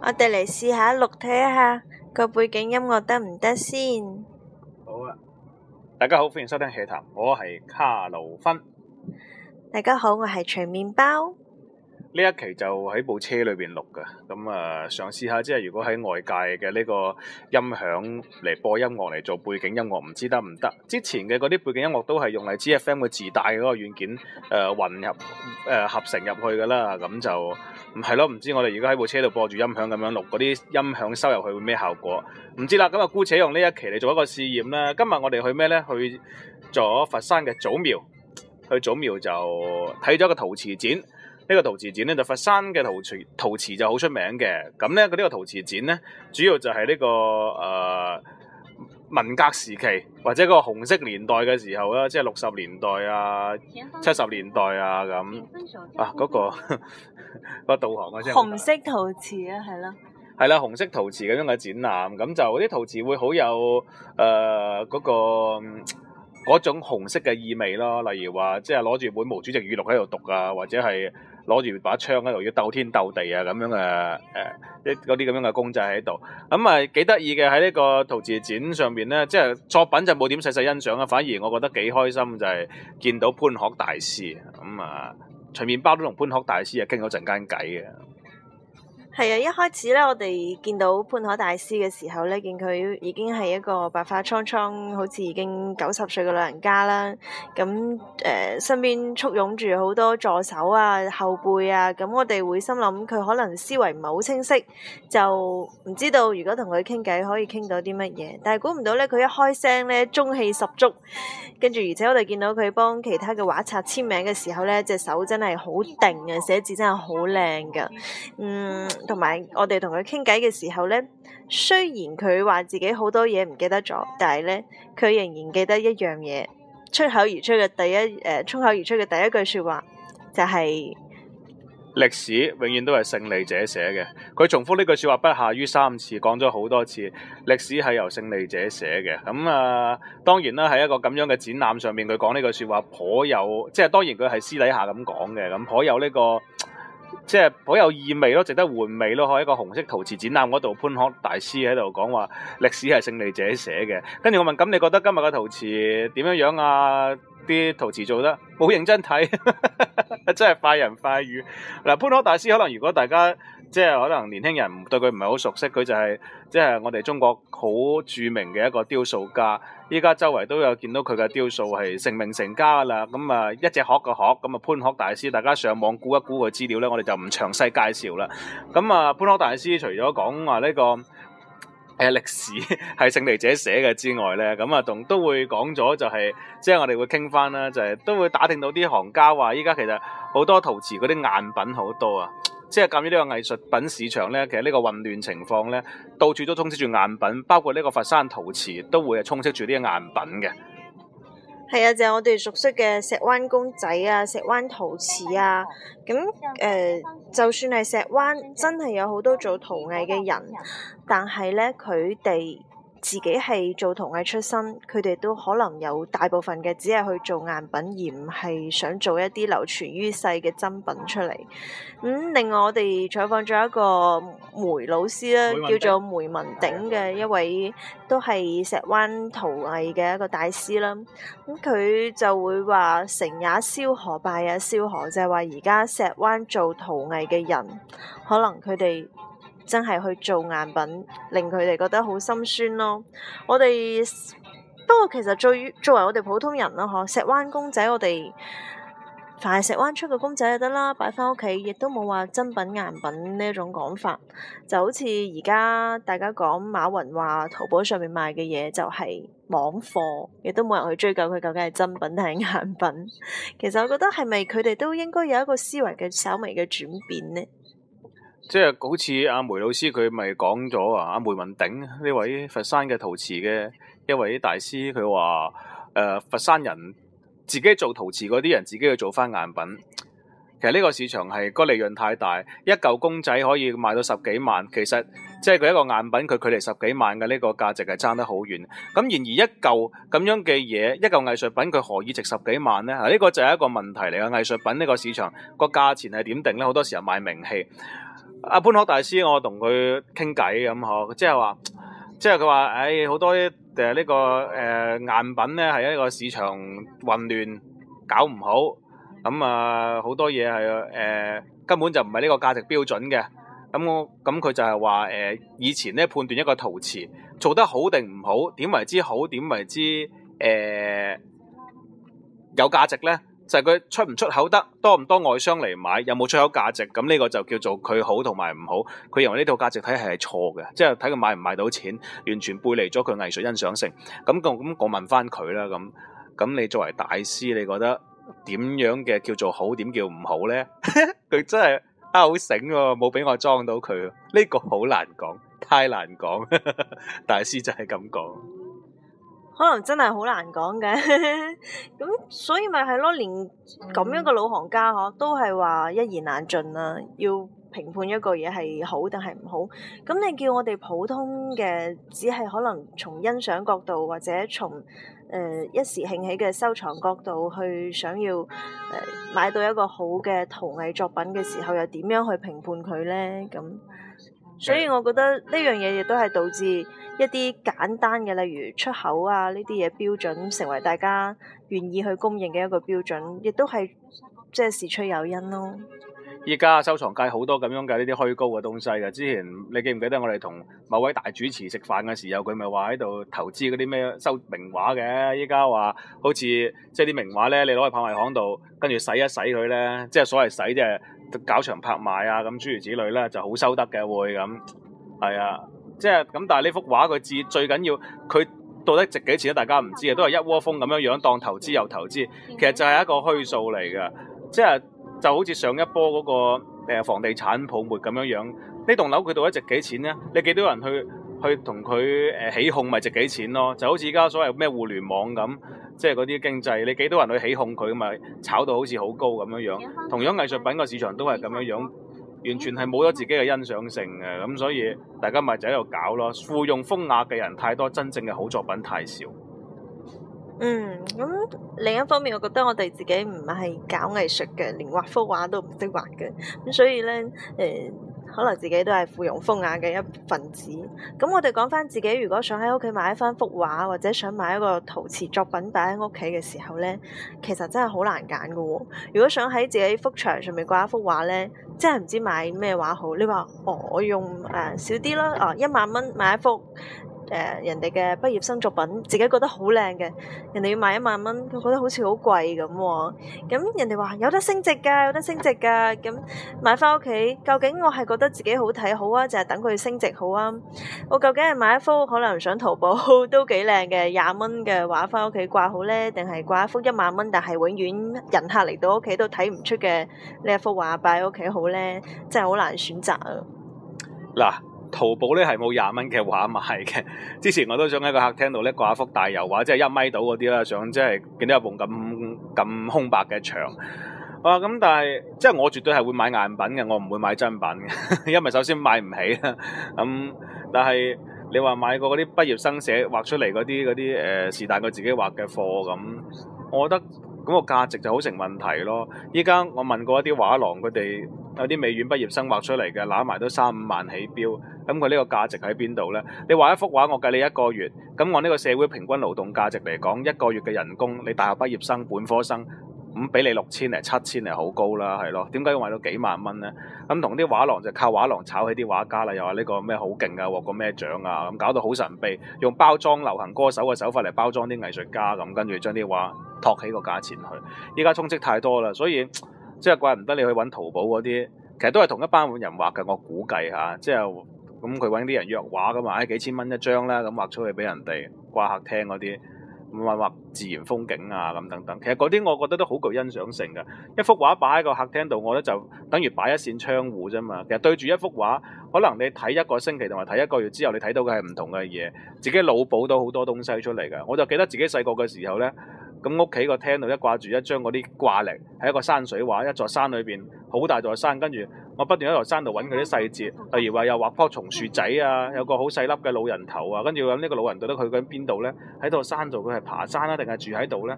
我哋嚟試下錄，睇下個背景音樂得唔得先？好啊！大家好，歡迎收聽《氣談》，我係卡路芬。大家好，我係長麵包。呢一期就喺部車裏邊錄嘅，咁啊、呃、嘗試下，即係如果喺外界嘅呢個音響嚟播音樂嚟做背景音樂，唔知得唔得？之前嘅嗰啲背景音樂都係用嚟 GFM 嘅自帶嗰個軟件誒、呃、混入誒、呃、合成入去㗎啦，咁就唔係咯，唔知我哋而家喺部車度播住音響咁樣錄嗰啲音響收入去會咩效果？唔知啦，咁啊姑且用呢一期嚟做一個試驗啦。今日我哋去咩咧？去咗佛山嘅祖廟，去祖廟就睇咗個陶瓷展。呢個陶瓷展咧就是、佛山嘅陶瓷，陶瓷就好出名嘅。咁咧呢、呢個陶瓷展咧，主要就係呢、呢個誒、呃、文革時期或者個紅色年代嘅時候啦，即係六十年代啊、七十年代啊咁啊嗰個個導航啊，啫、嗰個，係紅色陶瓷啊，係咯，係啦、 嗯，紅色陶瓷咁樣嘅展覽，咁就啲陶瓷會好有誒嗰、呃嗰個嗰種紅色嘅意味咯。例如話，即係攞住本毛主席語錄喺度讀啊，或者係，攞住把槍喺度要鬥天鬥地啊咁樣嘅，誒、呃，嗰啲咁樣嘅公仔喺度，咁啊幾得意嘅喺呢個陶瓷展上邊咧，即係作品就冇點細細欣賞啦，反而我覺得幾開心就係見到潘鶴大師，咁、嗯、啊隨便包都同潘鶴大師啊傾咗陣間偈嘅。係啊，一開始咧，我哋見到潘可大師嘅時候咧，見佢已經係一個白髮蒼蒼，好似已經九十歲嘅老人家啦。咁、嗯、誒、呃，身邊簇擁住好多助手啊、後輩啊。咁、嗯、我哋會心諗，佢可能思維唔係好清晰，就唔知道如果同佢傾偈可以傾到啲乜嘢。但係估唔到咧，佢一開聲咧，中氣十足。跟住，而且我哋見到佢幫其他嘅畫冊簽名嘅時候咧，隻手真係好定啊，寫字真係好靚噶。嗯。嗯同埋我哋同佢傾偈嘅時候呢，雖然佢話自己好多嘢唔記得咗，但係呢，佢仍然記得一樣嘢，出口而出嘅第一誒、呃，出口而出嘅第一句説話就係、是、歷史永遠都係勝利者寫嘅。佢重複呢句説話不下於三次，講咗好多次。歷史係由勝利者寫嘅。咁啊、呃，當然啦，喺一個咁樣嘅展覽上面，佢講呢句説話頗，頗有即係當然佢係私底下咁講嘅，咁頗有呢、這個？即係好有意味咯，值得回味咯。喺一個紅色陶瓷展覽嗰度，潘鶴大師喺度講話，歷史係勝利者寫嘅。跟住我問，咁你覺得今日嘅陶瓷點樣樣啊？啲陶瓷做得好認真睇， 真係快人快語。嗱，潘鶴大師可能如果大家。即係可能年輕人對佢唔係好熟悉，佢就係即係我哋中國好著名嘅一個雕塑家。依家周圍都有見到佢嘅雕塑係成名成家啦。咁啊，一隻鶴嘅鶴，咁啊潘鶴大師，大家上網估一估個資料咧，我哋就唔詳細介紹啦。咁啊，潘鶴大師除咗講話呢個誒歷史係 勝利者寫嘅之外咧，咁啊同都會講咗就係、是，即係我哋會傾翻啦，就係、是、都會打聽到啲行家話，依家其實好多陶瓷嗰啲贗品好多啊。即係鑑於呢個藝術品市場咧，其實呢個混亂情況咧，到處都充斥住贗品，包括呢個佛山陶瓷都會係充斥住啲贗品嘅。係啊，就係、是、我哋熟悉嘅石灣公仔啊、石灣陶瓷啊，咁誒、呃，就算係石灣真係有好多做陶藝嘅人，但係咧佢哋。自己係做陶藝出身，佢哋都可能有大部分嘅只係去做贗品，而唔係想做一啲流傳於世嘅真品出嚟。咁、嗯、另外我哋採訪咗一個梅老師啦，叫做梅文鼎嘅一位，都係石灣陶藝嘅一個大師啦。咁、嗯、佢就會話：成也蕭何，敗也蕭何，就係話而家石灣做陶藝嘅人，可能佢哋。真係去做贗品，令佢哋覺得好心酸咯。我哋不過其實最作為我哋普通人啦，石灣公仔我，我哋凡係石灣出嘅公仔就得啦，擺翻屋企亦都冇話真品、贗品呢一種講法。就好似而家大家講馬雲話，淘寶上面賣嘅嘢就係網貨，亦都冇人去追究佢究竟係真品定係贗品。其實我覺得係咪佢哋都應該有一個思維嘅稍微嘅轉變呢？即係好似阿梅老師佢咪講咗啊！阿梅文鼎呢位佛山嘅陶瓷嘅一位大師，佢話誒，佛山人自己做陶瓷嗰啲人自己去做翻贗品。其實呢個市場係個利潤太大，一嚿公仔可以賣到十幾萬。其實即係佢一個贗品，佢距離十幾萬嘅呢個價值係差得好遠。咁然而一嚿咁樣嘅嘢，一嚿藝術品，佢何以值十幾萬呢？啊，呢個就係一個問題嚟嘅。藝術品呢個市場個價錢係點定呢？好多時候賣名氣。阿潘可大師，我同佢傾偈咁呵，即係話，即係佢話，唉、哎，好多啲呢、這個誒、呃、贗品咧，係一個市場混亂，搞唔好，咁啊好多嘢係誒根本就唔係呢個價值標準嘅，咁我咁佢就係話誒以前咧判斷一個陶瓷做得好定唔好，點為之好，點為之誒有價值咧？就係佢出唔出口得多唔多外商嚟買，有冇出口價值？咁呢個就叫做佢好同埋唔好。佢認為呢套價值體系係錯嘅，即係睇佢買唔買到錢，完全背離咗佢藝術欣賞性。咁咁，我問翻佢啦，咁咁，你作為大師，你覺得點樣嘅叫做好？點叫唔好咧？佢 真係啊，好醒喎，冇俾我裝到佢。呢、呢個好難講，太難講。 大師就係咁講。可能真係好難講嘅， 咁所以咪係咯，連咁樣嘅老行家呵，都係話一言難盡啦、啊。要評判一個嘢係好定係唔好，咁你叫我哋普通嘅，只係可能從欣賞角度或者從誒、呃、一時興起嘅收藏角度去想要誒、呃、買到一個好嘅陶藝作品嘅時候，又點樣去評判佢咧？咁？所以我覺得呢樣嘢亦都係導致一啲簡單嘅，例如出口啊呢啲嘢，標準成為大家願意去供應嘅一個標準，亦都係即係事出有因咯。依家收藏界好多咁樣嘅呢啲虛高嘅東西嘅。之前你記唔記得我哋同某位大主持食飯嘅時候，佢咪話喺度投資嗰啲咩收名畫嘅？依家話好似即係啲名畫咧，你攞去拍賣行度，跟住洗一洗佢咧，即係所謂洗即係搞場拍賣啊咁諸如此類咧，就好收得嘅會咁係啊。即係咁，但係呢幅畫佢至最緊要佢到底值幾錢呀，大家唔知嘅，都係一窩蜂咁樣樣當投資又投資，其實就係一個虛數嚟嘅，即係。就好似上一波嗰、那個、呃、房地產泡沫咁樣樣，呢棟樓佢到底值幾錢呢？你幾多人去去同佢誒起哄，咪值幾錢咯？就好似而家所謂咩互聯網咁，即係嗰啲經濟，你幾多人去起哄佢咪炒到好似好高咁樣樣。同樣藝術品個市場都係咁樣樣，完全係冇咗自己嘅欣賞性嘅，咁所以大家咪就喺度搞咯。附庸風雅嘅人太多，真正嘅好作品太少。嗯，咁另一方面，我覺得我哋自己唔係搞藝術嘅，連畫幅畫都唔識畫嘅，咁所以咧，誒、呃，可能自己都係附庸風雅嘅一份子。咁、嗯嗯、我哋講翻自己，如果想喺屋企買翻幅畫，或者想買一個陶瓷作品擺喺屋企嘅時候咧，其實真係好難揀嘅喎。如果想喺自己幅牆上面掛一幅畫咧，真係唔知買咩畫好。你話我用誒少啲咯，哦、呃，一萬蚊買一幅。人哋嘅畢業生作品，自己覺得好靚嘅，人哋要賣一萬蚊，佢覺得好似好貴咁喎。咁人哋話有得升值噶，有得升值噶。咁買返屋企，究竟我係覺得自己好睇好啊，就係等佢升值好啊？我究竟係買一幅可能上淘寶都幾靚嘅廿蚊嘅畫返屋企掛好呢？定係掛一幅一萬蚊但係永遠人客嚟到屋企都睇唔出嘅呢一幅畫擺喺屋企好呢？真係好難選擇啊！嗱。淘寶咧係冇廿蚊嘅畫賣嘅。之前我都想喺個客廳度搦掛一幅大油畫，即係一米到嗰啲啦，想即係見到有埲咁咁空白嘅牆。哇、啊！咁但係即係我絕對係會買贗品嘅，我唔會買真品嘅，因為首先買唔起啦。咁、啊、但係你話買過嗰啲畢業生寫畫出嚟嗰啲嗰啲誒是但佢自己畫嘅貨咁，我覺得咁個價值就好成問題咯。依家我問過一啲畫廊佢哋。有啲美院畢業生畫出嚟嘅，攬埋都三五萬起標，咁佢呢個價值喺邊度呢？你畫一幅畫，我計你一個月，咁按呢個社會平均勞動價值嚟講，一個月嘅人工，你大學畢業生、本科生，咁俾你六千嚟、七千嚟，好高啦，係咯？點解要賣到幾萬蚊呢？咁同啲畫廊就靠畫廊炒起啲畫家啦，又話呢個咩好勁啊，獲個咩獎啊，咁搞到好神秘，用包裝流行歌手嘅手法嚟包裝啲藝術家咁，跟住將啲畫托起個價錢去。依家充斥太多啦，所以。即係怪唔得你去揾淘寶嗰啲，其實都係同一班人畫嘅。我估計吓，即係咁佢揾啲人約畫咁嘛，唉、哎、幾千蚊一張啦，咁畫出去俾人哋掛客廳嗰啲，咁樣畫自然風景啊咁等等。其實嗰啲我覺得都好具欣賞性嘅。一幅畫擺喺個客廳度，我咧就等於擺一扇窗戶啫嘛。其實對住一幅畫，可能你睇一個星期同埋睇一個月之後，你睇到嘅係唔同嘅嘢，自己腦補到好多東西出嚟嘅。我就記得自己細個嘅時候咧。咁屋企個廳度一掛住一張嗰啲掛曆，喺一個山水畫，一座山裏邊好大座山，跟住我不斷喺座山度揾佢啲細節。例如話又畫棵松樹仔啊，有個好細粒嘅老人頭啊，跟住諗呢個老人到底去緊邊度咧？喺座山度佢係爬山啦、啊，定係住喺度咧？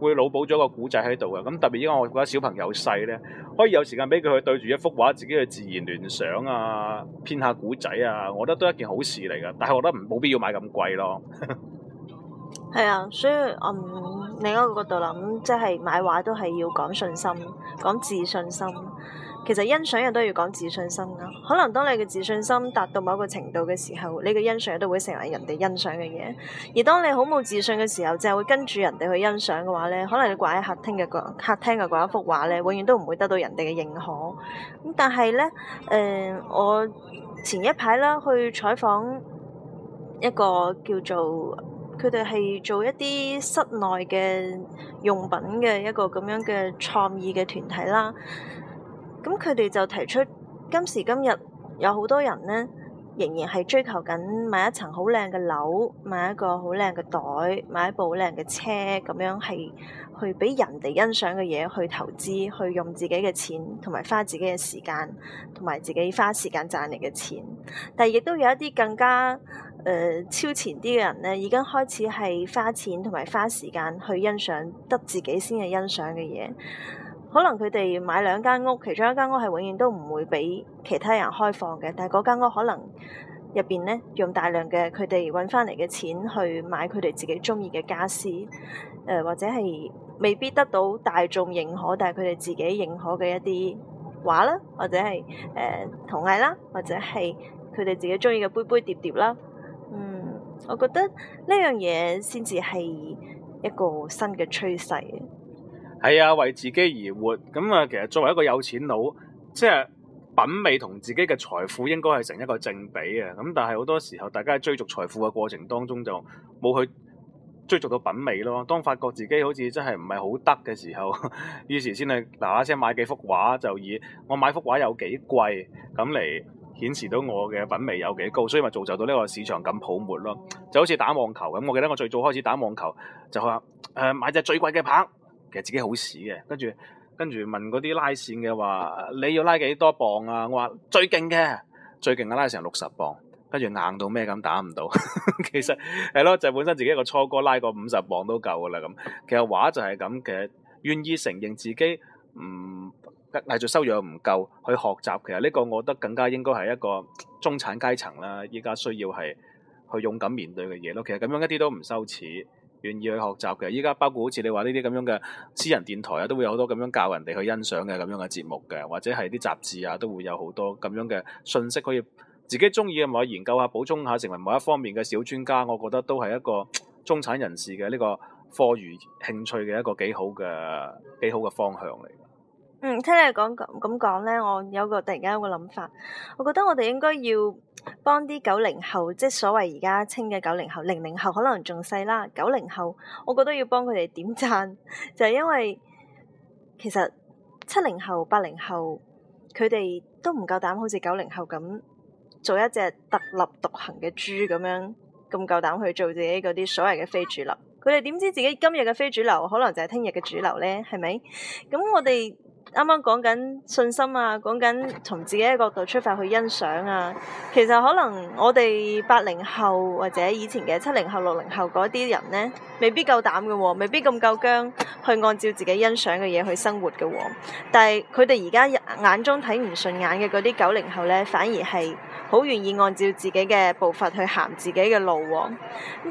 會腦補咗個古仔喺度嘅。咁特別因為我覺得小朋友細咧，可以有時間俾佢去對住一幅畫，自己去自然聯想啊，編下古仔啊，我覺得都係一件好事嚟㗎。但係我覺得冇必要買咁貴咯。係 啊，所以我唔。嗯。另一個角度諗，即係買畫都係要講信心，講自信心。其實欣賞嘢都要講自信心㗎。可能當你嘅自信心達到某個程度嘅時候，你嘅欣賞都會成為人哋欣賞嘅嘢。而當你好冇自信嘅時候，就會跟住人哋去欣賞嘅話咧，可能你掛喺客廳嘅客廳嘅掛一幅畫咧，永遠都唔會得到人哋嘅認可。咁但係咧，誒、呃，我前一排啦，去採訪一個叫做。佢哋係做一啲室內嘅用品嘅一個咁樣嘅創意嘅團體啦。咁佢哋就提出今時今日有好多人呢，仍然係追求緊買一層好靚嘅樓，買一個好靚嘅袋，買一部好靚嘅車，咁樣係去畀人哋欣賞嘅嘢去投資，去用自己嘅錢，同埋花自己嘅時間，同埋自己花時間賺嚟嘅錢。但係亦都有一啲更加超前啲嘅人呢，已經開始係花錢同埋花時間去欣賞得自己先嘅欣賞嘅嘢。可能佢哋買兩間屋，其中一間屋係永遠都唔會畀其他人開放嘅，但係嗰間屋可能入邊呢，用大量嘅佢哋揾翻嚟嘅錢去買佢哋自己鍾意嘅家私，誒、呃、或者係未必得到大眾認可，但係佢哋自己認可嘅一啲畫啦，或者係誒銅藝啦，或者係佢哋自己鍾意嘅杯杯碟碟，碟啦。我覺得呢樣嘢先至係一個新嘅趨勢。係啊，為自己而活。咁啊，其實作為一個有錢佬，即係品味同自己嘅財富應該係成一個正比嘅。咁但係好多時候，大家追逐財富嘅過程當中就冇去追逐到品味咯。當發覺自己好似真係唔係好得嘅時候，於是先係嗱嗱聲買幾幅畫，就以我買幅畫有幾貴咁嚟顯示到我嘅品味有幾高，所以咪造就到呢個市場咁泡沫咯。就好似打網球咁，我記得我最早開始打網球就話誒、呃、買隻最貴嘅拍，其實自己好屎嘅。跟住跟住問嗰啲拉線嘅話，你要拉幾多磅啊？我話最勁嘅，最勁嘅拉成六十磅，跟住硬到咩咁打唔到。 其實係咯，就係、本身自己一個初哥拉個五十磅都夠噶啦咁。其實話就係咁，其實願意承認自己唔。嗯藝術修養唔夠去學習，其實呢個我覺得更加應該係一個中產階層啦。依家需要係去勇敢面對嘅嘢咯。其實咁樣一啲都唔羞恥，願意去學習嘅。其實依家包括好似你話呢啲咁樣嘅私人電台啊，都會有好多咁樣教人哋去欣賞嘅咁樣嘅節目嘅，或者係啲雜誌啊，都會有好多咁樣嘅信息可以自己中意嘅咪研究下、補充下，成為某一方面嘅小專家。我覺得都係一個中產人士嘅呢個課餘興趣嘅一個幾好嘅幾好嘅方向嚟。嗯，聽你講咁講咧，我有個突然間有個諗法，我覺得我哋應該要幫啲九零後，即係所謂而家稱嘅九零後、零零後，可能仲細啦。九零後，我覺得要幫佢哋點讚，就係因為其實七零後、八零後，佢哋都唔夠膽好似九零後咁做一隻特立獨行嘅豬咁樣，咁夠膽去做自己嗰啲所謂嘅非主流。佢哋點知自己今日嘅非主流，可能就係聽日嘅主流咧？係咪？咁我哋。啱啱講緊信心啊，講緊從自己嘅角度出發去欣賞啊。其實可能我哋八零後或者以前嘅七零後、六零後嗰啲人呢，未必夠膽嘅喎，未必咁夠薑去按照自己欣賞嘅嘢去生活嘅喎、哦。但係佢哋而家眼中睇唔順眼嘅嗰啲九零後呢，反而係好願意按照自己嘅步伐去行自己嘅路喎、哦。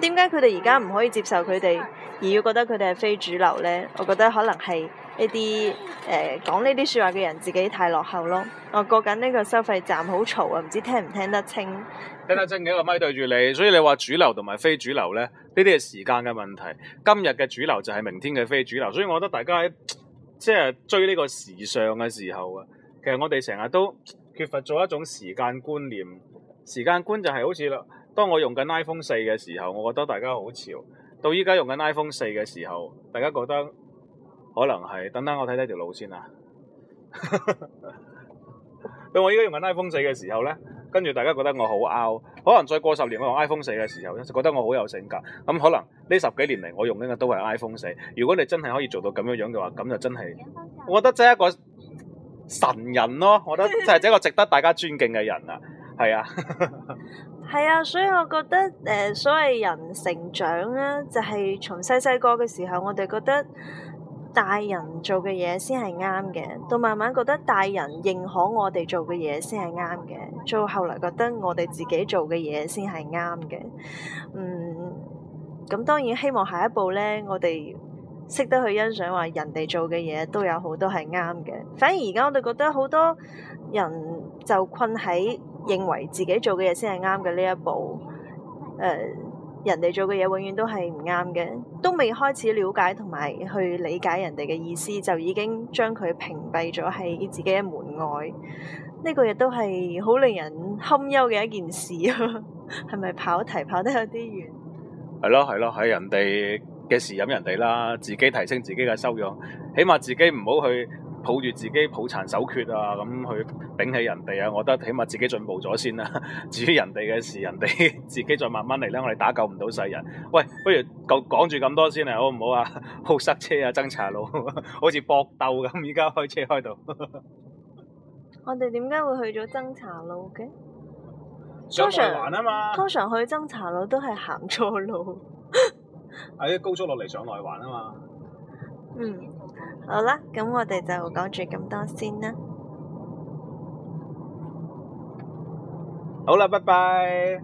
點解佢哋而家唔可以接受佢哋，而要覺得佢哋係非主流呢？我覺得可能係。呢啲誒講呢啲説話嘅人自己太落後咯。我過緊呢個收費站好嘈啊，唔知聽唔聽得清？聽得清嘅個咪對住你，所以你話主流同埋非主流咧，呢啲係時間嘅問題。今日嘅主流就係明天嘅非主流，所以我覺得大家即係、就是、追呢個時尚嘅時候啊，其實我哋成日都缺乏咗一種時間觀念。時間觀就係好似啦，當我用緊 iPhone 四嘅時候，我覺得大家好潮；到依家用緊 iPhone 四嘅時候，大家覺得。可能係等等，我睇睇條路先啦，啊。到我依家用緊 iPhone 四嘅時候咧，跟住大家覺得我好 out。可能再過十年我用 iPhone 四嘅時候咧，就覺得我好有性格。咁可能呢十幾年嚟我用緊嘅都係 iPhone 四。如果你真係可以做到咁樣樣嘅話，咁就真係，我覺得真係一個神人咯。我覺得就係一個值得大家尊敬嘅人啊。係啊，係 啊，所以我覺得誒、呃，所謂人成長啊，就係從細細個嘅時候，我哋覺得。大人做嘅嘢先係啱嘅,到慢慢覺得大人認可我哋做嘅嘢先係啱嘅，到後來覺得我哋自己做嘅嘢先係啱嘅。嗯，咁當然希望下一步咧，我哋識得去欣賞話人哋做嘅嘢都有好多係啱嘅。反而而家我哋覺得好多人就困喺認為自己做嘅嘢先係啱嘅呢一步。誒、呃。人哋做嘅嘢永遠都係唔啱嘅，都未開始了解同埋去理解人哋嘅意思，就已經將佢屏蔽咗喺自己嘅門外。呢、這個亦都係好令人堪憂嘅一件事啊！係 咪跑題跑得有啲遠？係咯係咯，係人哋嘅事飲人哋啦，自己提升自己嘅修養，起碼自己唔好去。抱住自己抱殘守缺啊，咁去頂起人哋啊！我覺得起碼自己進步咗先啦、啊。至於人哋嘅事，人哋自己再慢慢嚟啦。我哋打救唔到世人。喂，不如講住咁多先啊，好唔好啊？好塞車啊，增槎路 好似搏鬥咁，而家開車開到。 我哋點解會去咗增槎路嘅？通常通常去增槎路都係行錯路，喺 高速落嚟上內環啊嘛。嗯。好啦，咁我哋就講住咁多先啦。好啦，拜拜。